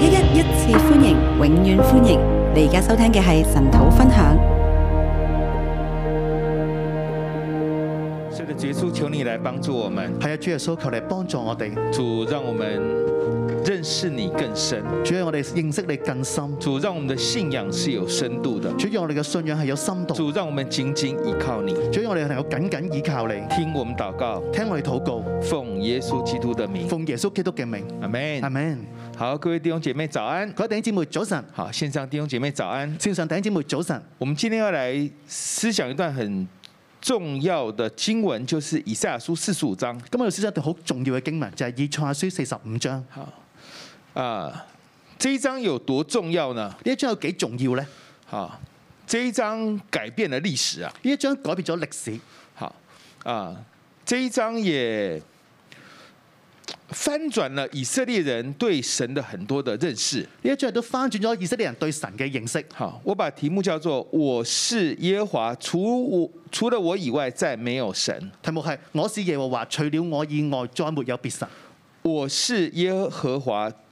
一一一次歡迎，永遠歡迎！你而家收聽嘅係神土分享。神的主耶穌，求你來幫助我們，還要繼續收求嚟幫助我哋。主，讓我們。認識你更深，所以我哋認識你更深。主讓我們的信仰是有深度的，主讓我哋嘅信仰係有深度。主讓我們緊緊依靠你，所以我哋能夠緊緊依靠你。聽我們禱告，聽我哋禱告，奉耶穌基督的名，奉耶穌基督嘅名，阿門，阿門。好，各位弟兄姐妹早安，各位弟兄姐妹早晨，好，線上弟兄姐妹早安，線上弟兄姐妹早晨。我們今天要嚟思想一段很重要的經文，就是以賽亞書四十五章。今日要思想一段好重要嘅經文，就係以賽亞書四十五章。啊！這一章有多重要呢？呢一章有幾重要呢？吓，這一章改變了歷史啊！呢一章改變咗歷史。吓，啊，這一章也翻轉了以色列人對神的很多的認識。呢一章都翻轉咗以色列人對神嘅認識。好，我把題目叫做：我是耶和華，除我除了我以外再沒有神。題目係：我是耶和華，除了我以外再沒有別神。我是耶和華。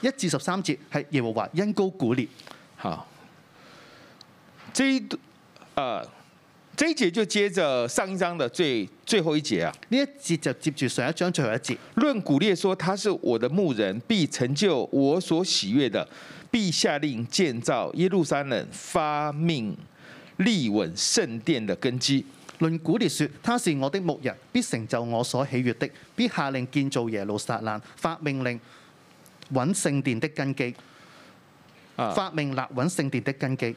一至十三節係耶和華因高古列。好，這啊，這一節就接着上一章的最最後一節啊。呢一節就接住上一章最後一節。論古列說他是我的牧人，必成就我所喜悅的，必，必下令建造耶路撒冷，發命立穩聖殿的根基。論古列說他是我的牧人，必成就我所喜悅的，必下令建造耶路撒冷，發命令。穩聖殿的根基，發明立穩聖殿的根基。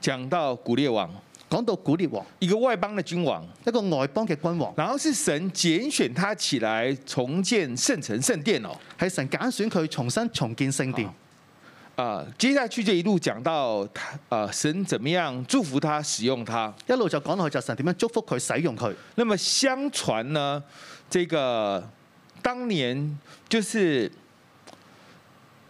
講、啊、到古列王，講到古列王一個外邦嘅君王，一個外邦嘅君王，然後是神揀選他起來重建聖城聖殿哦，係神揀選佢重新重建聖殿啊。啊，接下去就一路講到，啊、呃，神怎麼樣祝福他使用他，一路就講落去就神點樣祝福佢使用佢。那麼相傳呢，這個當年就是。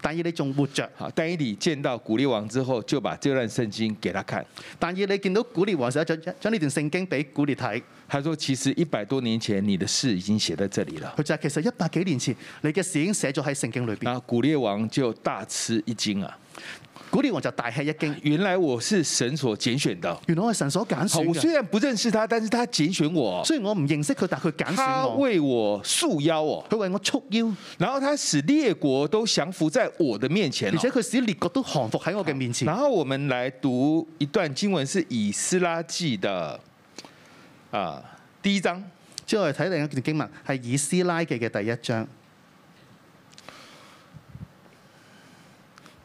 但以你仲活著，但以你見到古列王之後，就把這段聖經給他看。但以你見到古列王時候，將將呢段聖經俾古列睇，他說其實一百多年前你的事已經寫在這裡了。或者其實一百幾年前你嘅事已經寫咗喺聖經裏邊。啊，古列王就大吃一驚啊！古天王就大吃一驚，原來我是神所揀選的，原來係神所揀選。我雖然不認識他，但是他揀選我。雖然我唔認識佢，但佢揀選我。他為我束腰哦，佢為我束腰，然後他使列國都降服在我的面前，而且佢使列國都降服喺我嘅面前。然後我們來讀一段經文，是以斯拉記的。啊、呃，第一章，就係我哋睇另一段經文，係以斯拉記嘅第一章。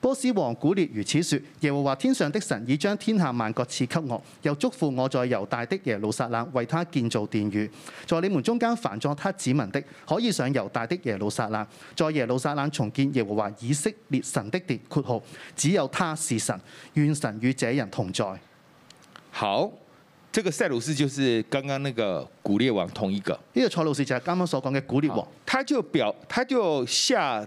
波斯王古列如此說：耶和華天上的神已將天下萬國賜給我，又囑咐我在猶大的耶路撒冷為他建造殿宇。在你們中間凡作他子民的，可以上猶大的耶路撒冷，在耶路撒冷重建耶和華以色列神的殿。括號只有他是神，願神與這人同在。好，這個塞魯斯就是剛剛那個古列王同一個。呢、這個塞魯斯就係啱啱所講嘅古列王，他就表，他就下。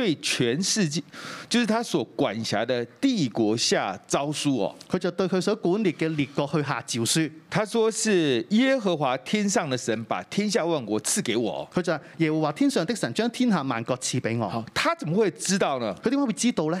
對全世界，就是他所管轄的帝國下詔書哦。佢就對佢所管理嘅列國去下詔書。他說是耶和華天上的神把天下萬國賜給我。佢就耶和華天上的神將天下萬國賜俾我。他怎麼會知道呢？佢點解會知道呢？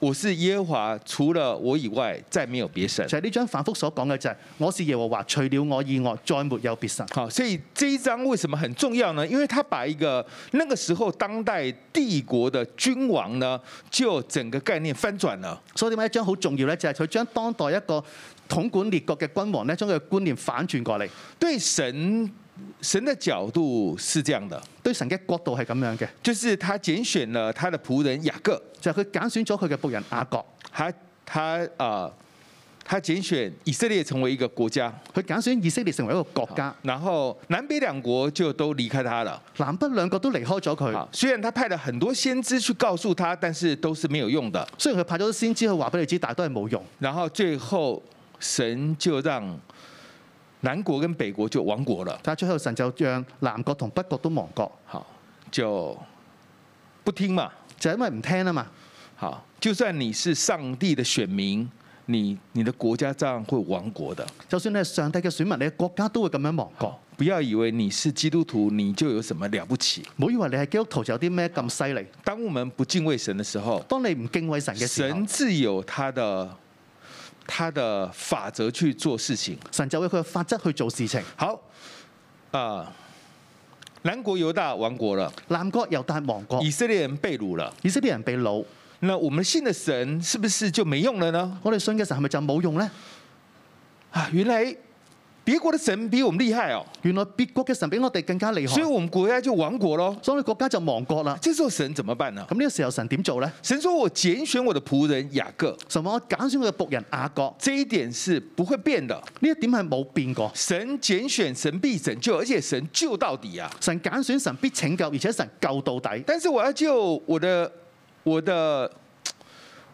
我是耶和華，除了我以外，再沒有別神。就係呢張反覆所講嘅就係、是，我是耶和華，除了我以外，再沒有別神。好，所以呢張為什麼很重要呢？因為他把一個那個時候當代帝國的君王呢，就整個概念翻轉了。所以點解一張好重要呢？就係佢將當代一個統管列國嘅君王呢，將佢嘅觀念反轉過嚟。對神。神的角度是這樣的，對神嘅角度係咁樣嘅，就是他揀選了他的僕人雅各，就佢、是、揀選咗佢嘅僕人雅各，他他啊、呃，他揀選以色列成為一個國家，佢揀選以色列成為一個國家，然後南北兩國就都離開他了，南北兩國都離開咗佢，雖然他派了很多先知去告訴他，但是都是沒有用的，所以佢派咗先知去話俾你知，但都係冇用，然後最後神就讓。南國跟北國就亡國了，但最後神就讓南國同北國都亡國。就不聽嘛，就因為唔聽啊嘛，就算你是上帝的選民，你你的國家照樣會亡國的。就算你是上帝嘅選民，你的國家都會咁樣亡國。不要以為你是基督徒你就有什麼了不起，唔好以為你係基督徒就有啲咩咁犀利。當我們不敬畏神的時候，當你唔敬畏神嘅時候，神自有他的。他的法則去做事情，神就為佢嘅法則去做事情。好，啊、呃，南國猶大亡國了，南國猶大亡國，以色列人被擄了，以色列人被擄。那我們信的神是不是就沒用了呢？我哋信嘅神係咪就冇用呢？啊，原來。別國的神比我們厲害哦，原來別國嘅神比我哋更加厲害，所以我們國家就亡國咯，所以國家就亡國啦。這時候神怎麼辦呢？咁呢個時候神點做呢？神說我揀選我的僕人雅各，什麼我揀選我嘅僕人阿各，這一點是不會變的。呢一點係冇變過。神揀選，神必拯救，而且神救到底啊！神揀選，神必拯救，而且神救到底。但是我要救我的我的。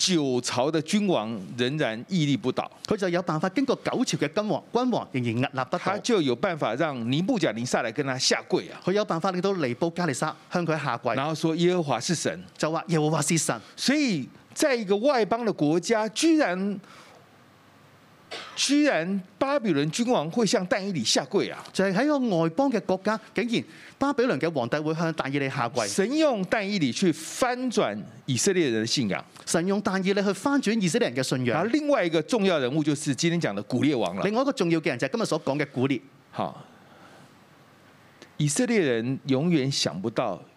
九朝嘅君王仍然屹立不倒，佢就有辦法經過九朝嘅君王，君王仍然屹立不倒。他就有辦法讓尼布甲尼撒來跟他下跪啊！他就有辦法令到尼布甲尼撒向佢下跪，然後說耶和華是神，就話耶和華是神。所以在一個外邦嘅國家，居然居然巴比倫君王會向但以理下跪啊！就係、是、喺個外邦嘅國家，竟然巴比倫嘅皇帝會向但以理下跪。神用但以理去翻轉以色列人嘅信仰，神用但以理去翻轉以色列人嘅信仰。而另外一個重要人物就是今天講嘅古列王啦。另外一個重要嘅人就係今日所講嘅古列。好，以色列人永遠想不到。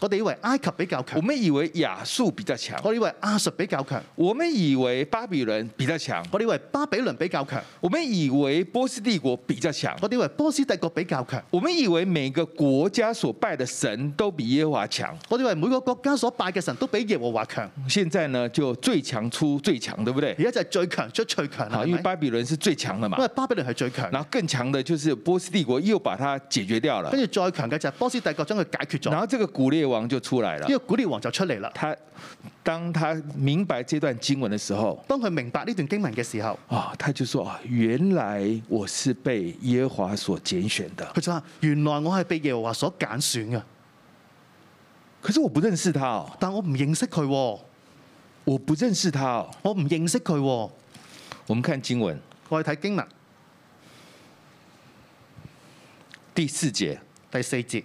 我哋以為埃及比較強，我們以為亞述比較強，我哋以為亞述比較強，我們以為巴比倫比較強，我哋以為巴比倫比較強，我們以為波斯帝國比較強，我哋以為波斯帝國比較強，我們以為每個國家所拜的神都比耶和華強，我哋以為每個國家所拜嘅神都比耶和華強。現在呢就最強出最強，對不對？而家就係最強出最強，因為巴比倫是最強嘅嘛，因為巴比倫係最強，然後更強嘅就是波斯帝國又把它解決掉了，跟住再強嘅就係波斯帝國將佢解決咗，然後這個古列王就出來了，呢、這個古列王就出嚟啦。他當他明白這段經文的時候，當佢明白呢段經文嘅時候，啊，他就說：原來我是被耶和華所揀選的。佢就話：原來我係被耶和華所揀選嘅。可是我不認識他、哦，但我唔認識佢、哦，我不認識他、哦，我唔認識佢、哦哦。我們看經文，我去睇經文第四節，第四節。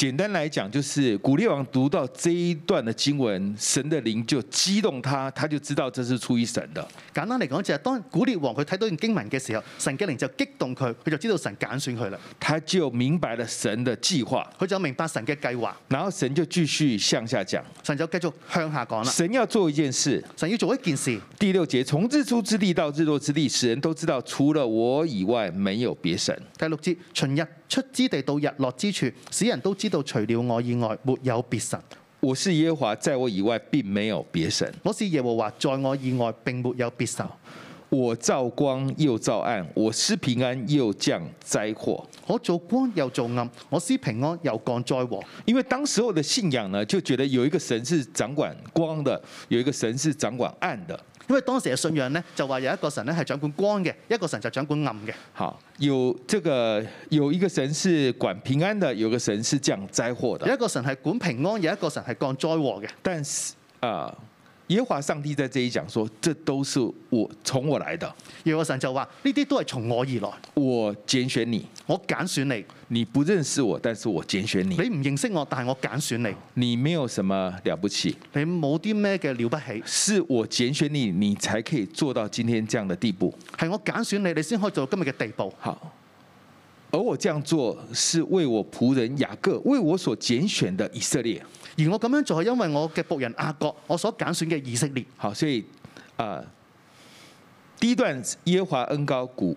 簡單來講，就是古列王讀到這一段的經文，神的靈就激動他，他就知道這是出於神的。簡單嚟講，就係當古列王佢睇到段經文嘅時候，神嘅靈就激動佢，佢就知道神揀選佢啦。他就明白了神的計劃，佢就明白神嘅計劃。然後神就繼續向下講，神就繼續向下講啦。神要做一件事，神要做一件事。第六節，從日出之地到日落之地，使人都知道，除了我以外，沒有別神。第六節，從日出之地到日落之處，使人都知。道，除了我以外沒有別神，我是耶和華，在我以外並沒有別神。我是耶和華，在我以外並沒有別神。我造光又造暗，我施平安又降災禍。我造光又造暗，我施平安又降災禍。因為當時我的信仰呢，就覺得有一個神是掌管光的，有一個神是掌管暗的。因為當時嘅信仰咧，就話有一個神咧係掌管光嘅，一個神就掌管暗嘅。吓，有這個有一個神是管平安的，有個神是降災禍的。有一個神係管平安，有一個神係降災禍嘅。但是啊、呃，耶和華上帝在這裡講說，這都是我從我來的。耶和神就話：呢啲都係從我而來，我揀選你，我揀選你。你不認識我，但是我揀選你。你唔認識我，但係我揀選你。你沒有什麼了不起。你冇啲咩嘅了不起。是我揀選你，你才可以做到今天這樣的地步。係我揀選你，你先可以做到今日嘅地步。好。而我這樣做，是為我僕人雅各，為我所揀選的以色列。而我咁樣做，係因為我嘅僕人雅各，我所揀選嘅以色列。好，所以啊，呃，第一段耶華恩高古。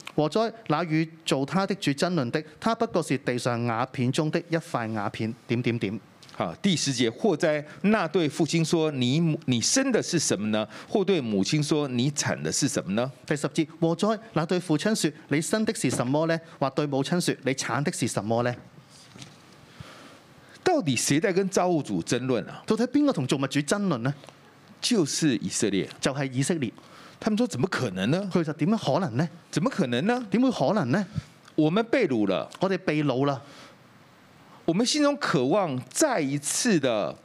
禍哉！那與做他的主爭論的，他不過是地上瓦片中的一塊瓦片。點點點。啊，第十節，禍哉！那對父親說你：你你生的是什麼呢？或對母親說：你產的是什麼呢？第十節，禍哉！那對父親說：你生的是什麼呢？或對母親說：你產的是什麼呢？到底誰在跟造物主爭論啊？到底邊個同造物主爭論呢？就是以色列，就係、是、以色列。他們說怎麼可能呢？佢哋話點樣可能呢？怎麼可能呢？點會可，可能呢？我們被擄了，我哋被擄了，我們心中渴望再一次的，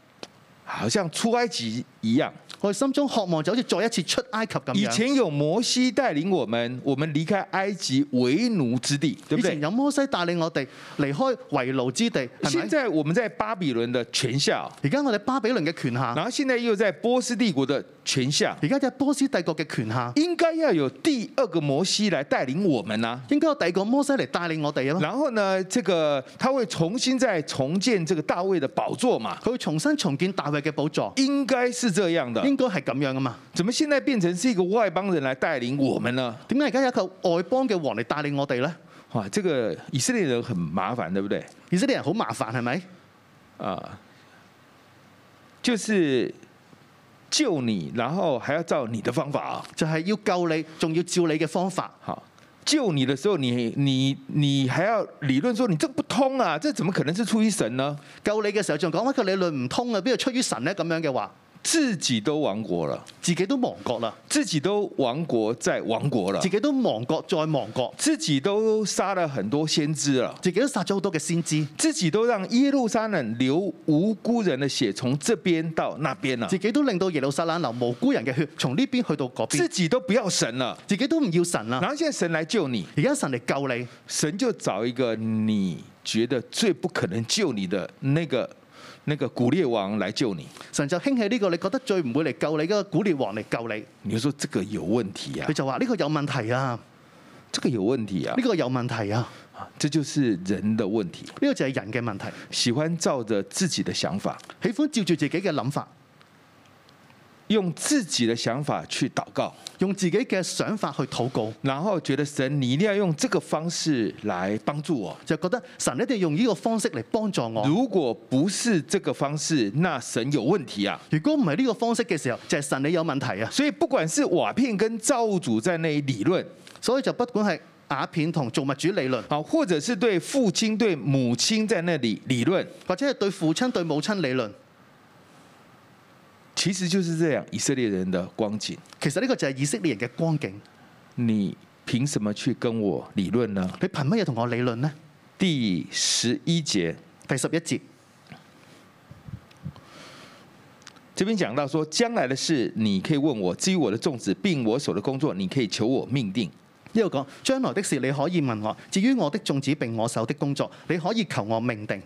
好像出埃及一樣我心中渴望就好似再一次出埃及咁。以前有摩西帶領我們，我們離開埃及為奴之地，對不對？以前有摩西帶領我哋離開為奴之地，現在我們在巴比倫的權下，而家我哋巴比倫嘅權下，然後現在又在波斯帝國的權下，而家就係波斯帝國嘅權下，應該要有第二個摩西來帶領我們啊，應該有第二個摩西嚟帶領我哋啊。然後呢，這個他會重新再重建這個大衛的寶座嘛？佢會重新重建大衛嘅寶座，應該是這樣嘅。都係咁樣噶嘛？怎麼現在變成是一個外邦人來帶領我們呢？點解而家有一個外邦嘅王嚟帶領我哋呢？哇，這個以色列人很麻煩，對不對？以色列人好麻煩係咪？啊，就是救你，然後還要照你的方法，就係要救你，仲要照你嘅方法。哈，救你的時候你，你你你還要理論說你這不通啊，這怎麼可能是出於神呢？救你嘅時候仲講乜嘅理論唔通啊？邊度出於神呢？咁樣嘅話。自己都亡國了，自己都亡國了，自己都亡國再亡國了，自己都亡國再亡國，自己都殺了很多先知了，自己都殺咗好多嘅先知，自己都讓耶路撒冷流無辜人的血，從這邊到那邊了，自己都令到耶路撒冷流無辜人嘅血，從呢邊去到嗰邊，自己都不要神了，自己都唔要神啦，咁現在神來救你，而家神嚟救你，神就找一個你覺得最不可能救你的那個。那個古列王來救你，神就興起呢個你覺得最唔會嚟救你嘅古列王嚟救你。你說這個有問題啊？佢就話呢個有問題啊，這個有問題啊，呢個有問題啊，啊，這就是人的問題，呢個就係人嘅問題，喜歡照着自己的想法，喜歡照住自己嘅諗法。用自己的想法去禱告，用自己嘅想法去禱告，然後覺得神你一定要用這個方式來幫助我，就覺得神一定要用呢個方式嚟幫助我。如果不是這個方式，那神有問題啊！如果唔係呢個方式嘅時候，就係神你有問題啊！所以不管是瓦片跟造物主在那裡理論，所以就不管係瓦片同造物主理論，好，或者是對父親對母親在那裡理論，或者係對父親對母親理論。其實就是這樣，以色列人的光景。其實呢個就係以色列人嘅光景。你憑什麼去跟我理論呢？你憑乜嘢同我理論呢？第十一節，第十一節，這邊講到說，將來的事你可以問我，至於我的眾子并我手的，的，的，的工作，你可以求我命定。又講將來的事你可以問我，至於我的眾子并我手的工作，你可以求我命定。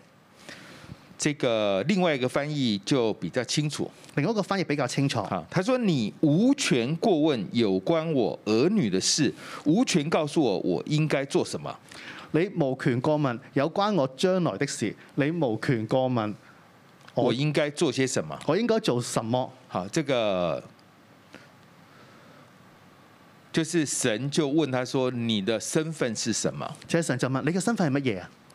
這個另外一個翻譯就比較清楚，另外一個翻譯比較清楚。他說：“你無權過問有關我兒女的事，無權告訴我我應該做什麼。你無權過問有關我將來的事，你無權過問我，我應該做些什麼。我應該做什麼？”好，這個就是神就問他說你問：“你的身份是什麼？”即神就問：“你嘅身份係乜嘢啊？”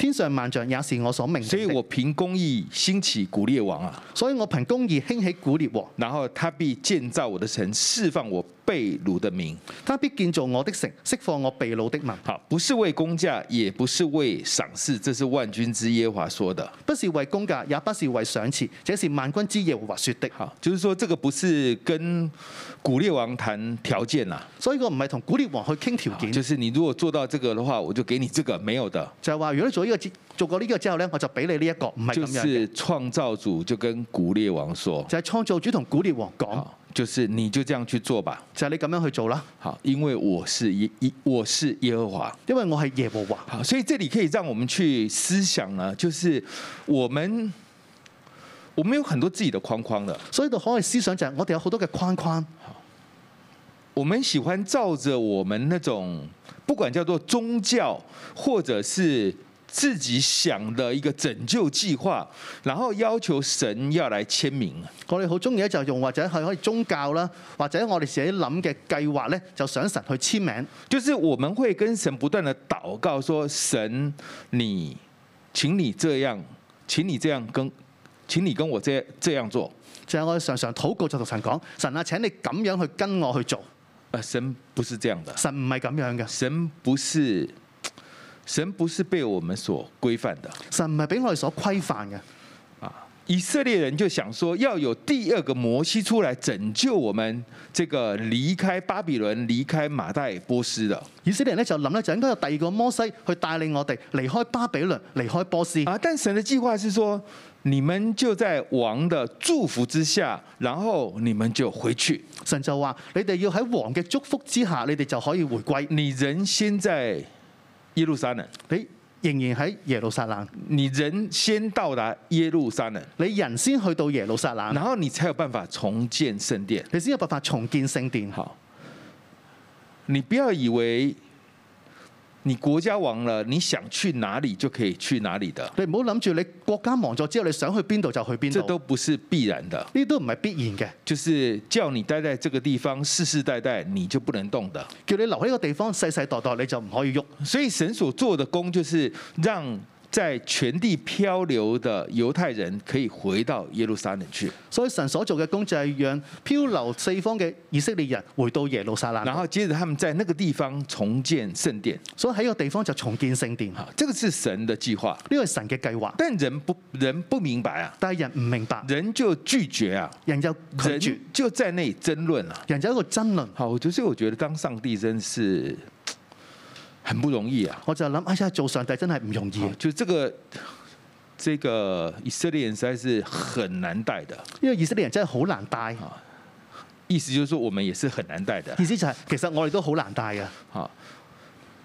天上萬象也是我所命，所以我憑公義興起古列王啊！所以我憑公義興起古列王，然後他必建造我的城，釋放我被擄的民。他必建造我的城，釋放我被擄的民。好，不是為工價，也不是為賞賜，這是萬軍之耶和華說的。不是為工價，也不是為賞賜，這是萬軍之耶和華說的。好，就是說這個不是跟古列王談條件啦，所以我唔係同古列王去傾條件，就是你如果做到這個的話，我就給你這個，沒有的。就係話呢個做過呢個之後呢，我就俾你呢、這、一個，唔係咁樣。就是創造主就跟古列王說，就係、是、創造主同古列王講，就是你就這樣去做吧。就是、你咁樣去做啦，好，因為我是耶耶，我是耶和華，因為我係耶和華。好，所以這裏可以讓我們去思想呢，就是我們我們有很多自己的框框的，所以都可以思想就係我哋有好多嘅框框。好，我們喜歡照着我們那種不管叫做宗教，或者是。自己想的一個拯救計劃，然後要求神要來簽名。我哋好中意咧就用或者係可以宗教啦，或者我哋自己諗嘅計劃咧，就想神去簽名。就是我們會跟神不斷的禱告說，說神你，請你這樣，請你這樣跟，請你跟我這這樣做。就係、是、我常常禱告就同神講，神啊，請你咁樣去跟我去做。啊、呃，神不是這樣的，神唔係咁樣嘅，神不是。神不是被我們所規範的，神唔係俾我哋所規範嘅。啊，以色列人就想說要有第二個摩西出來拯救我們，這個離開巴比倫、離開馬代波斯的以色列人咧就諗咧就應該有第二個摩西去帶領我哋離開巴比倫、離開波斯啊。但神的計劃是說，你們就在王的祝福之下，然後你們就回去。神就話：你哋要喺王嘅祝福之下，你哋就可以回歸。你人先在。耶路撒冷，你仍然喺耶路撒冷。你人先到達耶路撒冷，你人先去到耶路撒冷，然後你才有辦法重建聖殿。你先有辦法重建聖殿，好，你不要以為。你國家亡了，你想去哪裡就可以去哪裡的。你唔好諗住你國家亡咗之後，你想去邊度就去邊度。這都不是必然的，呢啲都唔係必然嘅。就是叫你待喺這個地方，世世代代你就不能動的。叫你留喺呢個地方，世世代代你就唔可以喐。所以神所做的功，就是讓。在全地漂流的猶太人可以回到耶路撒冷去，所以神所做嘅工作係讓漂流四方嘅以色列人回到耶路撒冷，然後接着他們在那個地方重建聖殿，所以喺個地方就重建聖殿吓，這個是神的計劃，呢個係神嘅計劃。但人不人不明白啊，但係人唔明白，人就拒絕啊，人就就在那爭論啦，人就一個爭論。好，所以我覺得當上帝真是。很不容易啊！我就諗啊，真、哎呀、做上帝真係唔容易，啊。就這個，這個以色列人實在是很難帶的。因為以色列人真係好難帶。意思就是，我們也是很難帶的。意思就係，其實我哋都好難帶嘅。啊，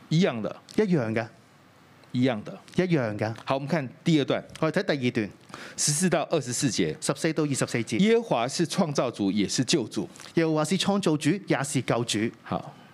一樣的，一樣嘅，一樣的，一樣嘅。好，我們看第二段。我哋睇第二段，十四到二十四節，十四到二十四節。耶和華是創造主，也是救主。耶華是創造主，也是救主。好。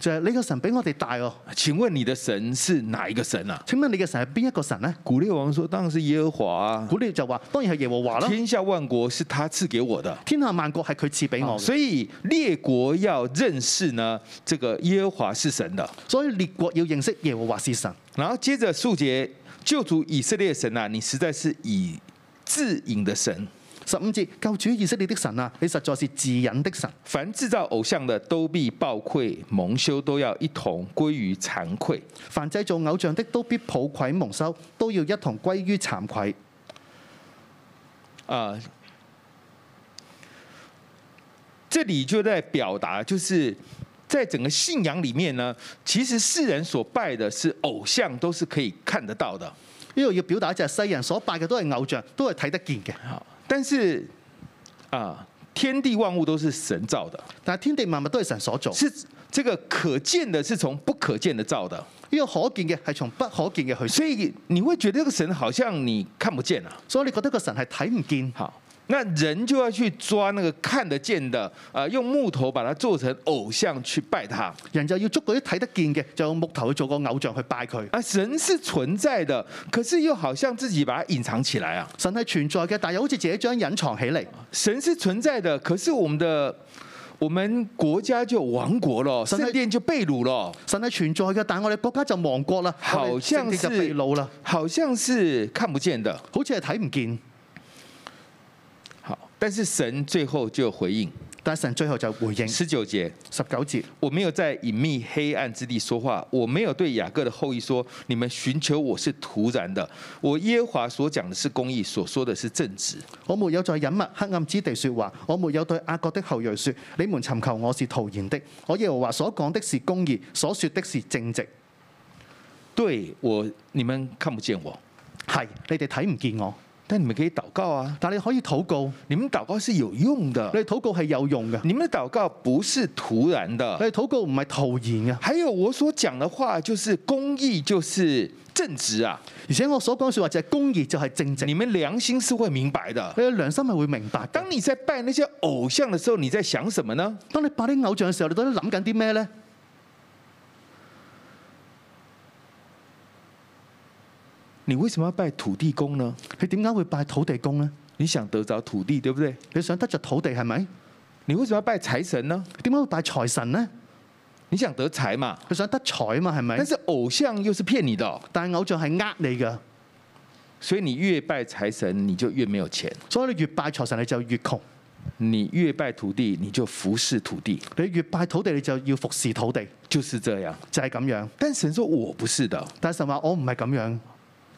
就係你個神比我哋大哦。請問你的神是哪一個神啊？請問你嘅神係邊一個神呢？古列王說：，當然是耶和華。古列就話：，當然係耶和華啦。天下萬國是他賜給我的，天下萬國係佢賜俾我。所以列國要認識呢，這個耶和華是神的。所以列國要認識耶和華是神。然後接着數節，救主以色列神啊，你實在是以自隱的神。十五節，救主以色列的神啊，你實在是自隱的神。凡製造偶像的都必抱愧，愧，愧蒙羞，都要一同歸於慚愧。凡製造偶像的都必抱愧蒙羞，都要一同歸於慚愧。啊，這裡就在表達，就是在整個信仰裡面呢，其實世人所拜的是偶像，都是可以看得到的。呢度要表達就係世人所拜嘅都係偶像，都係睇得見嘅。但是，啊，天地萬物都是神造的。那天地萬物都是神所造。是這個可見的，是從不可見的造的。因為可見的，係從不可見嘅去。所以你會覺得這個神好像你看不見啊。所以你覺得個神係睇唔見。好。那人就要去抓那個看得見的，啊，用木頭把它做成偶像去拜他。人家要捉到，一睇得見嘅，就用木頭去做個偶像去拜佢。啊，神是存在的，可是又好像自己把它隱藏起來啊。神係存在嘅，但係好似這張隱藏起嚟。神是存在的，可是我們的我們國家就亡國了，神的殿就被擄了，神存在的群嘅，但係我哋國家就亡國了，好像是被擄了，好像是看不見的，好似係睇唔見。但是神最後就回應，但神最後就回應十九節十九節，我沒有在隱秘黑暗之地說話，我沒有對雅各的後裔說你們尋求我是突然的，我耶和華所講的是公義，所說的是正直。我沒有在隱密黑暗之地說話，我沒有對雅各的後裔說你們尋求我是徒然的，我耶和華所講的是公義，所說的是正直。對我你們看不見我，係你哋睇唔見我。但你們可以禱告啊，但你可以禱告，你們禱告是有用的，你禱告係有用嘅，你們嘅禱告不是突然的，你禱告唔係徒言啊。還有我所講的話，就是公義，就是正直啊。以前我所講說，說話，即係公義就係正直。你們良心是會明白的，誒良心係會明白。當你在拜那些偶像的時候，你在想什麼呢？當你拜啲偶像嘅時候，你在想什麼呢，你都諗緊啲咩咧？你為什麼要拜土地公呢？佢點解會拜土地公呢？你想得着土地，對不對？佢想得着土地，係咪？你為什麼要拜財神呢？點解會拜財神呢？你想得財嘛？佢想得財嘛，係咪？但是偶像又是騙你的哦，但係偶像係呃你噶，所以你越拜財神你就越沒有錢。所以你越拜財神你就越窮，你越拜土地你就服侍土地，你越拜土地你就要服侍土地，就是這樣就係咁樣。但神說我不是的，但神話我唔係咁樣。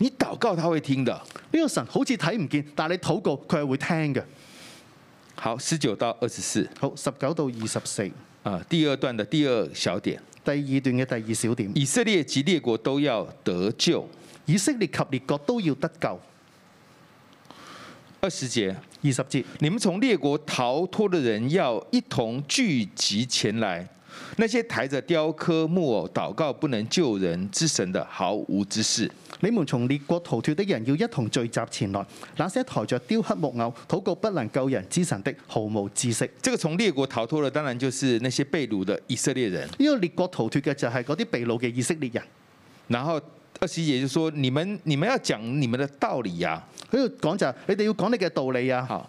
你禱告他會聽的，呢、這個神好似睇唔見，但係你禱告佢係會聽嘅。好，十九到二十四。好，十九到二十四。啊，第二段的第二小點。第二段嘅第二小點。以色列及列國都要得救。以色列及列國都要得救。二十節，二十節，你們從列國逃脱的人要一同聚集前來。那些抬着雕刻木偶禱告不能救人之神的毫無知識，你們從列國逃脫的人要一同聚集前來。那些抬着雕刻木偶禱告不能救人之神的毫無知識。這個從列國逃脫的，當然就是那些被擄的以色列人。呢個列國逃脫嘅就係嗰啲被擄嘅以色列人。然後二師姐就說：你們你們要講你們的道理呀，喺度講就係你哋要講你嘅道理啊。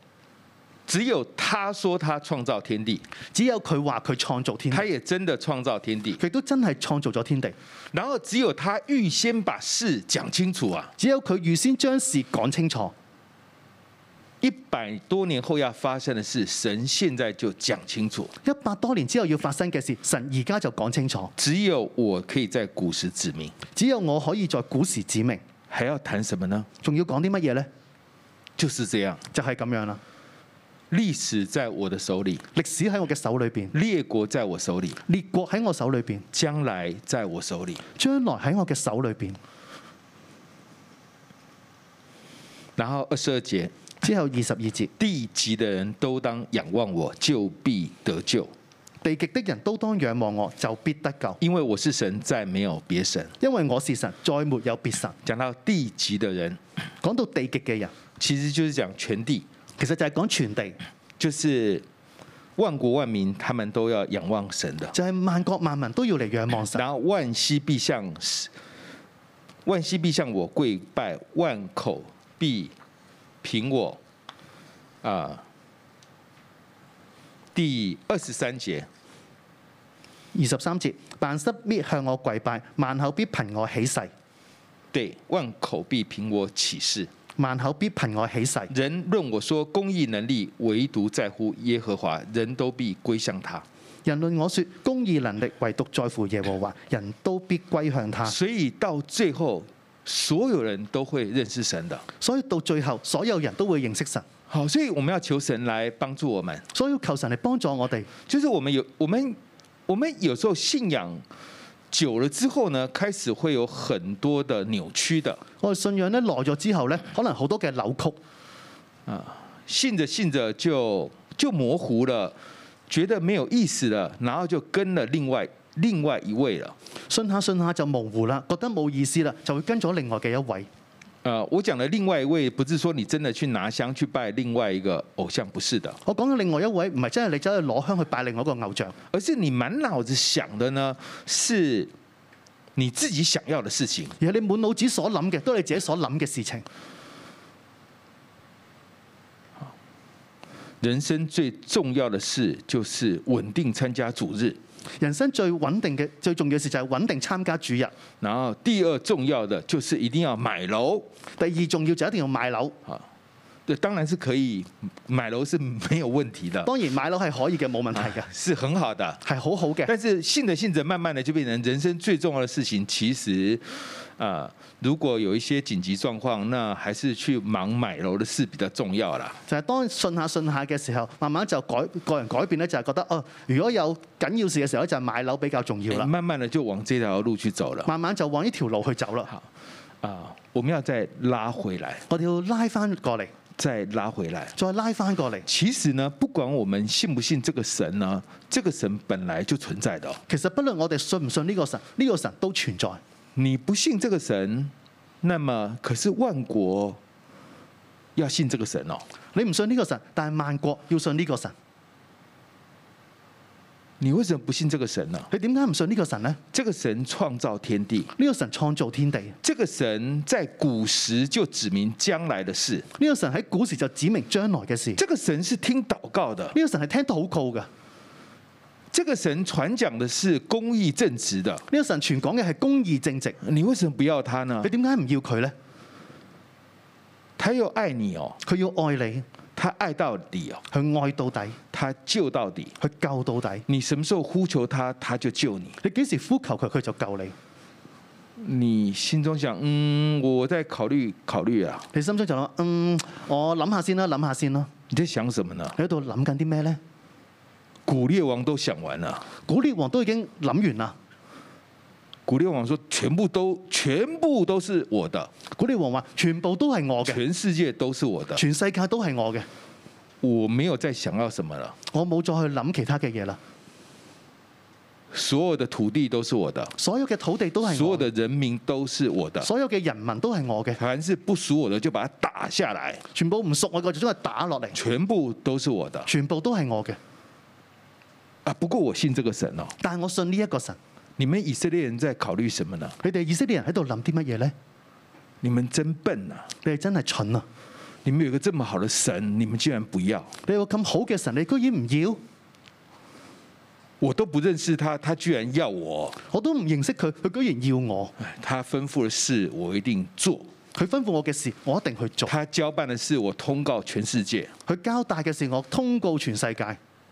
只有他說他創造天地，只有佢話佢創造天地，他也真的創造天地，佢都真係創造咗天地。然後只有他預先把事講清楚啊，只有佢預先將事講清楚。一百多年後要發生的事，神現在就講清楚。一百多年之後要發生嘅事，神而家就講清楚。只有我可以在古時指明，只有我可以在古時指明，還要談什麼呢？仲要講啲乜嘢呢？就是這樣，就係咁樣啦。歷史在我的手裏，歷史喺我嘅手裏邊；列國在我手裏，列國喺我手裏邊；將來在我手裏，將來喺我嘅手裏邊。然後二十二節之後二十二節，地極的人都當仰望我，就必得救；地極的人都當仰望我，就必得救。因為我是神，再沒有別神；因為我是神，再沒有別神。講到地極的人，講到地極嘅人，其實就是講全地。其實就係講全地，就是萬國萬民，他們都要仰望神的。就係、是、萬國萬民都要嚟仰望神。然後萬膝必向萬膝必向我跪拜，萬口必憑我啊、呃，第二十三節，二十三節，萬膝必向我跪拜，萬口必憑我起誓。對，萬口必憑我起誓。萬口必憑我起誓。人論我說公義能力，唯獨在乎耶和華，人都必歸向他。人論我說公義能力，唯獨在乎耶和華，人都必歸向他。所以到最後，所有人都會認識神的。所以到最後，所有人都會認識神。好，所以我們要求神來幫助我們。所以要求神嚟幫助我哋。就是我們有，我們，我們有時候信仰。久了之後呢，開始會有很多的扭曲的。我信仰呢耐咗之後呢，可能好多嘅扭曲啊，信着信着就就模糊了，覺得沒有意思了，然後就跟了另外另外一位了，信下信下就模糊了，覺得冇意思啦，就會跟咗另外嘅一位。呃，我講的另外一位，不是說你真的去拿香去拜另外一個偶像，不是的。我講的另外一位，唔係真係你走去攞香去拜另外一個偶像，而是你滿腦子想的呢，是你自己想要的事情。而你滿腦子所諗嘅，都是你自己所諗嘅事情。人生最重要的事，就是穩定參加主日。人生最穩定嘅最重要嘅事就係穩定參加主日。然後第二重要嘅就是一定要買樓。第二重要就一定要買樓。啊，對，當然是可以買樓，是沒有問題的。當然買樓係可以嘅，冇問題嘅。啊，是很好的，係好好嘅。但是信嘅信嘅，慢慢的就變成人生最重要的事情，其實，啊。如果有一些緊急狀況，那還是去忙買樓的事比較重要啦。就係、是、當信下信下嘅時候，慢慢就改個人改變咧，就係、是、覺得哦、呃，如果有緊要事嘅時候，就係、是、買樓比較重要啦。慢慢嘅，就往這條路去走啦。慢慢就往呢條路去走啦。好，啊，我們要再拉回來，我哋要拉翻過嚟，再拉回來，再拉翻過嚟。其實呢，不管我們信唔信這個神呢，這個神本來就存在的。其實不論我哋信唔信呢個神，呢、這個神都存在。你不信這個神，那麼可是萬國要信這個神哦。你唔信呢個神，但係萬國要信呢個神。你為什麼不信這個神呢、啊？你點解唔信呢個神呢？這個神創造天地，呢個神創造天地。這個神在古時就指明將來的事，呢個神喺古時就指明將來嘅事。這個神是聽禱告的，呢個神係聽禱告嘅。這個神傳講的是公義正直的，呢、這個神傳講嘅係公義正直，你為什麼不要他呢？你點解唔要佢呢？「他要愛你哦，佢要愛你，他愛到底哦，佢愛到底，他救到底，佢救，救到底。你什麼時候呼求他，他就救你。你幾時呼求佢，佢就救你。你心中想，嗯，我再考慮考慮啊。你心中就諗，嗯，我諗下先啦，諗下先啦。你在想什麼呢？喺度諗緊啲咩呢？古列王都想完了，古列王都已經諗完了。古列王說：全部都，全部都是我的。古列王話：全部都是我的。全世界都是我的，全世界都是我的。我沒有再想要什麼了，我冇再去諗其他嘅嘢啦。所有的土地都是我的，所有的土地都是我的。所有的人民都是我的，所有嘅人民都是我的。凡是不屬我的就把它打下來，全部唔屬我就將佢打落嚟，全部都是我的，全部都是我的，全部都是我的。啊！不過我信這個神哦，但係我信呢一個神。你們以色列人在考慮什麼呢？你哋以色列人喺度諗啲乜嘢呢？你們真笨啊！你哋真係蠢啊！你們有個這麼好的神，你們居然不要？你有個咁好嘅神，你居然唔要？我都不認識他，他居然要我？我都唔認識佢，佢居然要我？他吩咐的事我一定做。佢吩咐我嘅事我一定去做。他交辦的事我通告全世界。佢交代嘅事我通告全世界。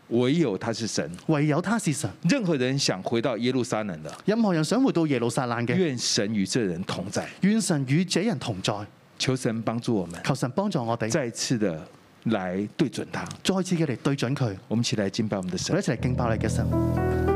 唯有他是神，唯有他是神。任何人想回到耶路撒冷的，任何人想回到耶路撒冷的，願神與這人同在，願神與這人同在。求神幫助我們，求神幫助我哋，再次的來對準他，再次嘅嚟對準佢。我們一起來敬拜我們的神，我一起來敬拜你嘅神。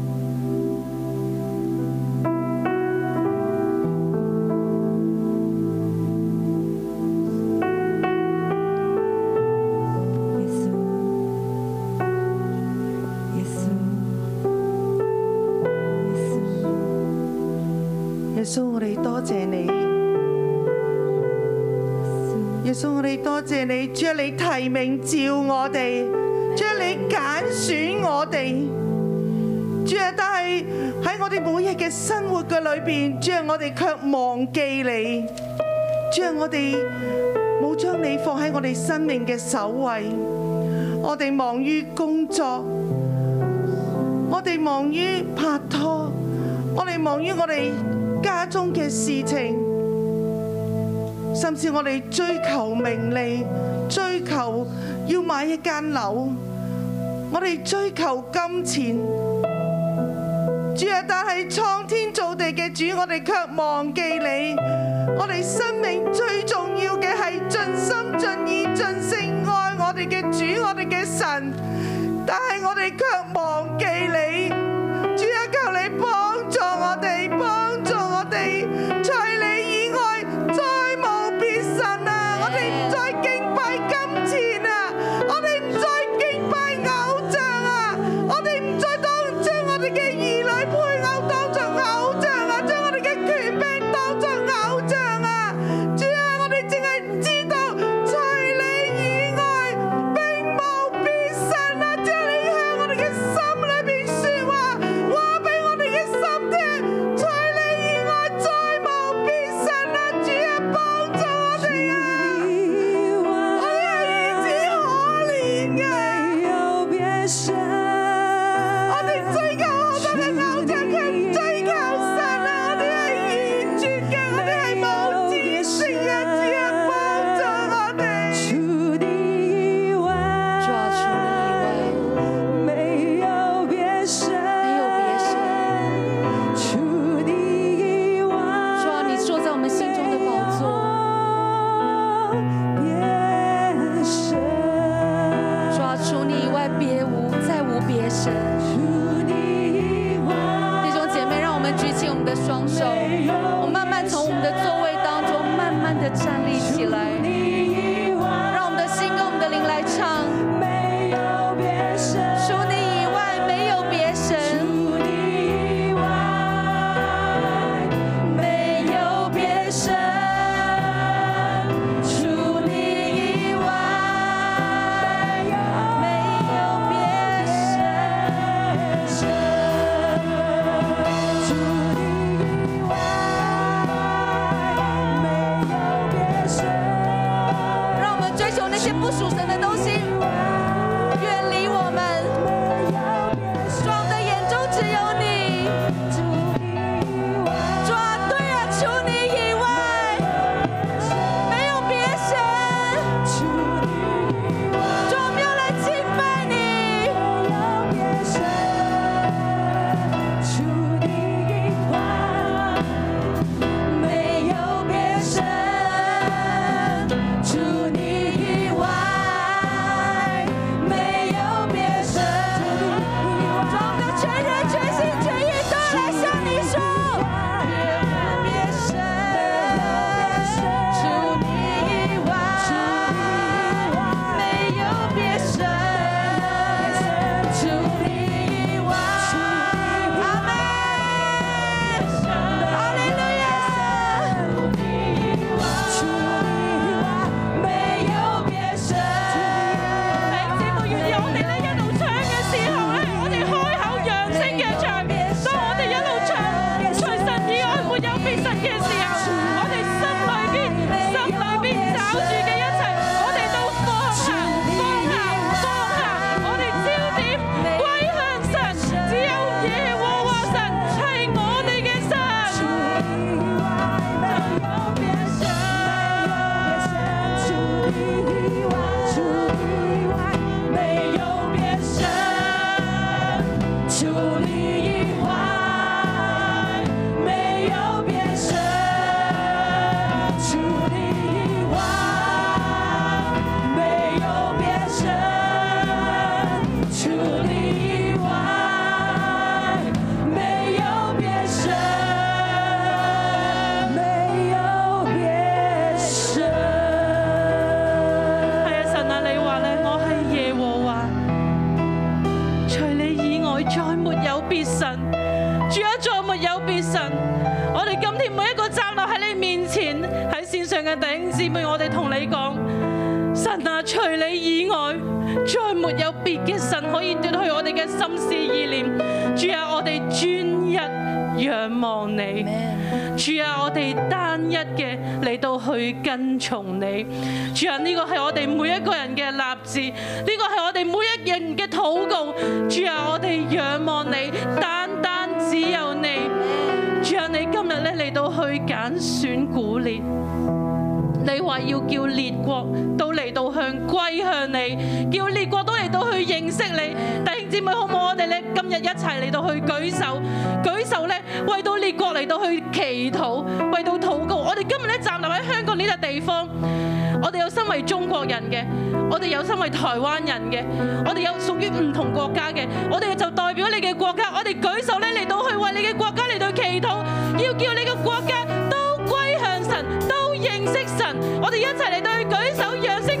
提名召我哋，將你揀選我哋，主啊！但係喺我哋每日嘅生活嘅裏邊，主啊！我哋卻忘記你，主啊！我哋冇將你放喺我哋生命嘅首位，我哋忙於工作，我哋忙於拍拖，我哋忙於我哋家中嘅事情，甚至我哋追求名利。求要買一間樓，我哋追求金錢。主啊，但係蒼天造地嘅主，我哋卻忘記你。我哋生命最重要嘅係盡心盡意盡性愛我哋嘅主，我哋嘅神。但係我哋卻。都嚟到向歸向你，叫列國都嚟到去認識你。弟兄姊妹，好唔好？我哋咧今日一齊嚟到去舉手，舉手咧為到列國嚟到去祈禱，為到禱告。我哋今日咧站立喺香港呢笪地方，我哋有身為中國人嘅，我哋有身為台灣人嘅，我哋有屬於唔同國家嘅，我哋就代表你嘅國家。我哋舉手咧嚟到去為你嘅國家嚟到祈禱，要叫你嘅國家。我哋一齊嚟對舉手揚聲。